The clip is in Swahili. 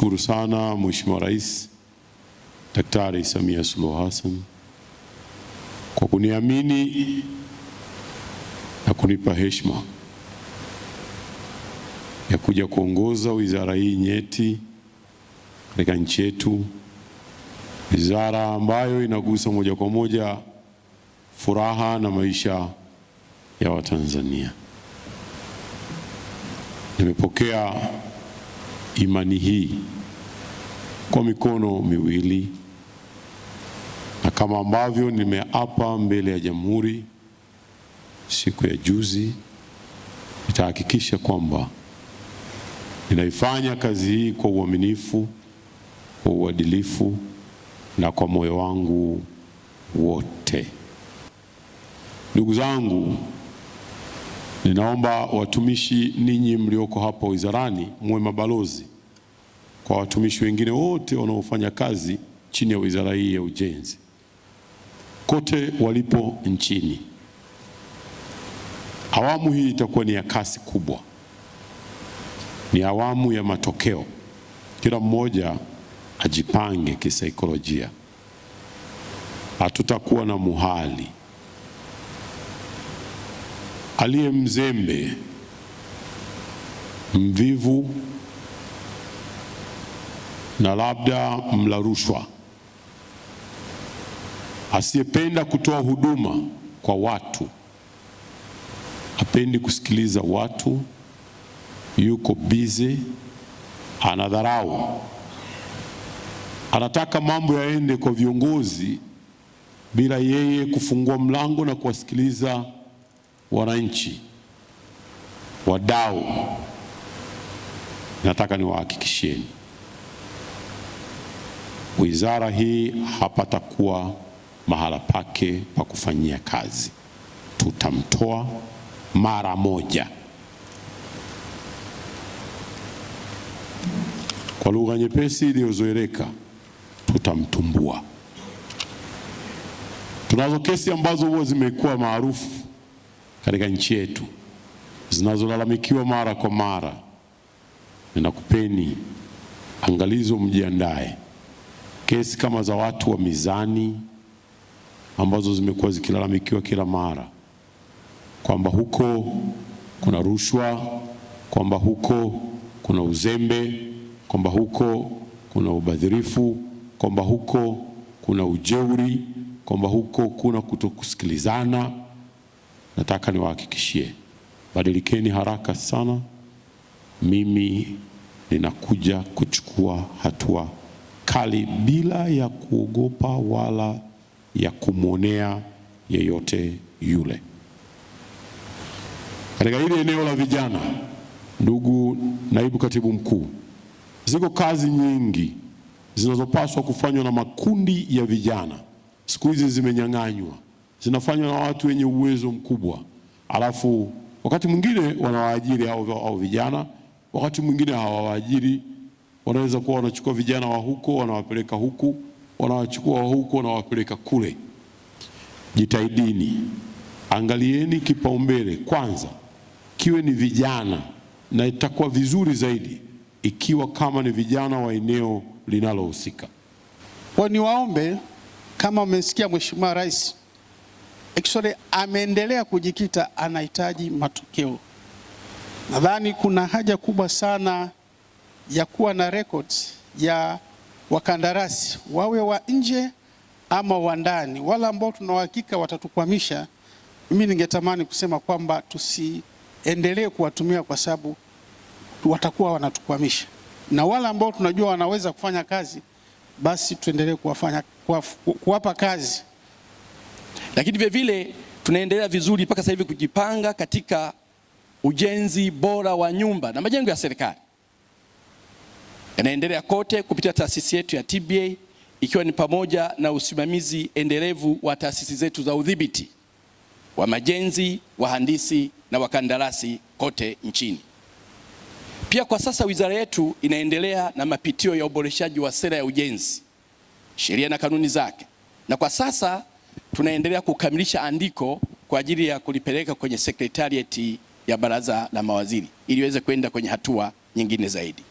Namshukuru sana Mheshimiwa Rais Daktari Samia Suluhu Hassan kwa kuniamini na kunipa heshima ya kuja kuongoza wizara hii nyeti katika nchi yetu, wizara ambayo inagusa moja kwa moja furaha na maisha ya Watanzania. Nimepokea imani hii kwa mikono miwili, na kama ambavyo nimeapa mbele ya jamhuri siku ya juzi, nitahakikisha kwamba ninaifanya kazi hii kwa uaminifu, kwa uadilifu na kwa moyo wangu wote. Ndugu zangu, ninaomba watumishi ninyi mlioko hapa wizarani muwe mabalozi kwa watumishi wengine wote wanaofanya kazi chini ya wizara hii ya ujenzi kote walipo nchini. Awamu hii itakuwa ni ya kasi kubwa, ni awamu ya matokeo. Kila mmoja ajipange kisaikolojia. Hatutakuwa na muhali aliye mzembe, mvivu na labda mla rushwa asiyependa kutoa huduma kwa watu, apendi kusikiliza watu, yuko bize anadharau, anataka mambo yaende kwa viongozi bila yeye kufungua mlango na kuwasikiliza wananchi, wadau. Nataka niwahakikishieni wizara hii hapatakuwa mahala pake pa kufanyia kazi. Tutamtoa mara moja. Kwa lugha nyepesi iliyozoeleka, tutamtumbua. Tunazo kesi ambazo huwa zimekuwa maarufu katika nchi yetu zinazolalamikiwa mara kwa mara. Ninakupeni angalizo, mjiandae kesi kama za watu wa mizani ambazo zimekuwa zikilalamikiwa kila mara kwamba huko kuna rushwa, kwamba huko kuna uzembe, kwamba huko kuna ubadhirifu, kwamba huko kuna ujeuri, kwamba huko kuna kutokusikilizana. Nataka niwahakikishie, badilikeni haraka sana. Mimi ninakuja kuchukua hatua kali bila ya kuogopa wala ya kumwonea yeyote yule. Katika hili eneo la vijana, ndugu naibu katibu mkuu, ziko kazi nyingi zinazopaswa kufanywa na makundi ya vijana, siku hizi zimenyang'anywa, zinafanywa na watu wenye uwezo mkubwa, alafu wakati mwingine wanawaajiri hao vijana, wakati mwingine hawawaajiri wanaweza kuwa wanachukua vijana wa huko wanawapeleka huku, wanawachukua wa huko wanawapeleka kule. Jitahidini, angalieni kipaumbele kwanza kiwe ni vijana, na itakuwa vizuri zaidi ikiwa kama ni vijana wa eneo linalohusika. Kwa niwaombe, kama mmesikia Mheshimiwa Rais actually ameendelea kujikita, anahitaji matokeo. Nadhani kuna haja kubwa sana ya kuwa na records ya wakandarasi wawe wa nje ama wa ndani, wala ambao tuna watatukwamisha. Mimi ningetamani kusema kwamba tusiendelee kuwatumia kwa sababu watakuwa wanatukwamisha, na wala ambao tunajua wanaweza kufanya kazi, basi tuendelee kuwafanya kuwapa kazi. Lakini vile vile tunaendelea vizuri mpaka sasa hivi kujipanga katika ujenzi bora wa nyumba na majengo ya serikali yanaendelea kote kupitia taasisi yetu ya TBA ikiwa ni pamoja na usimamizi endelevu wa taasisi zetu za udhibiti wa majenzi, wahandisi na wakandarasi kote nchini. Pia kwa sasa wizara yetu inaendelea na mapitio ya uboreshaji wa sera ya ujenzi, sheria na kanuni zake, na kwa sasa tunaendelea kukamilisha andiko kwa ajili ya kulipeleka kwenye sekretarieti ya baraza la mawaziri ili iweze kwenda kwenye hatua nyingine zaidi.